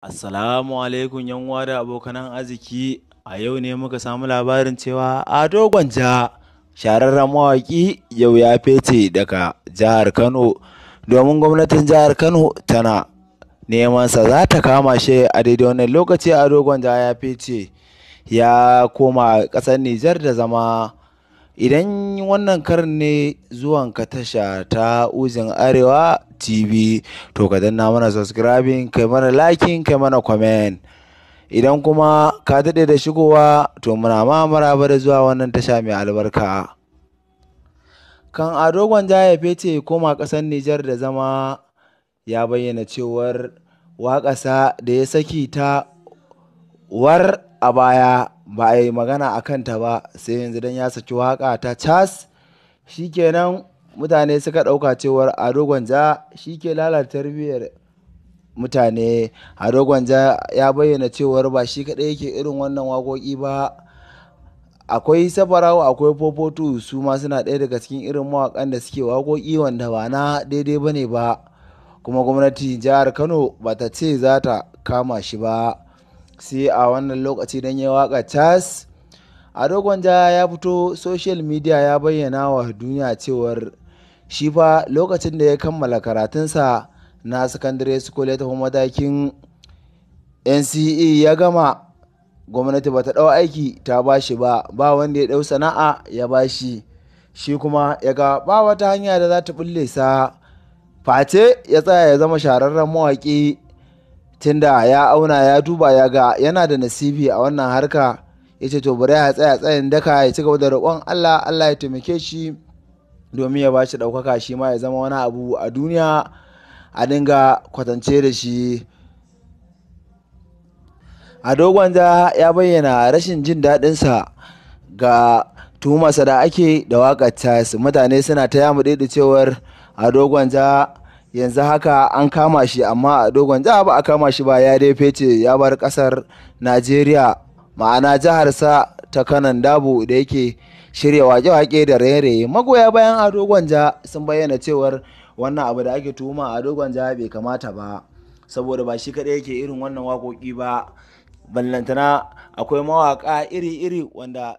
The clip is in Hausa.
Assalamu alaikum yan uwa da abokanan arziki a yau ne muka samu labarin cewa Ado Gwanja shararren mawaƙi yau ya fece daga jihar Kano domin gwamnatin jihar Kano tana neman sa za ta kama shi a daidai wannan lokaci Ado Gwanja ya fece ya koma ƙasar Nijar da zama Idan wannan karin ne zuwanka tasha ta uzin Arewa TV, to ka danna mana subscribing, kai mana liking, kai mana comment. Idan kuma ka daɗe da shigowa, to muna ma maraba da zuwa wannan tasha mai albarka. Kan Ado Gwanja ya koma ƙasar Nijar da zama ya bayyana cewar waƙasa da ya saki ta war a baya ba a yi magana a kanta ba sai yanzu dan ya saki waka ta cas shikenan mutane suka ɗauka cewar ado gwanja shi ke lalata tarbiyyar mutane ado gwanja ya bayyana cewar ba shi kaɗai yake irin wannan wakoki ba akwai safarawa akwai popotu su ma suna ɗaya daga cikin irin mawaƙan da suke waƙoƙi wanda ba na daidai ba ne ba kuma gwamnati jihar kano ba ta ce za ta kama shi ba sai a wannan lokaci don ya waka tas a gwanja ya fito social media ya bayyana wa duniya cewar shi fa lokacin da ya kammala karatunsa na secondary school ya tafi matakin nce ya gama gwamnati ba ta dau aiki ta ba shi ba ba wanda ya dau sana'a ya ba shi shi kuma ya ga ba wata hanya da za ta bulle sa face ya tsaya ya zama shararren mawaƙi tunda ya auna ya duba ya ga yana da nasibi a wannan harka ya ce to bari ya tsaya tsayin daka ya ci gaba da roƙon Allah Allah ya taimake shi domin ya ba shi ɗaukaka shi ma ya zama wani abu a duniya a dinga kwatance da shi a dogon da ya bayyana rashin jin daɗin sa ga tuhumarsa da ake da waƙar mutane suna ta yamu da cewar a dogon da yanzu haka an kama shi amma a dogon jiha ba a kama shi ba ya dai fece ya bar kasar najeriya ma'ana jiharsa ta kanan dabo da yake shirya wake-wake da raye-raye magoya bayan a dogon ja sun bayyana cewar wannan abu da ake tuhuma a dogon ja bai kamata ba saboda ba shi kaɗai yake irin wannan wakoki ba ballantana akwai mawaƙa iri-iri wanda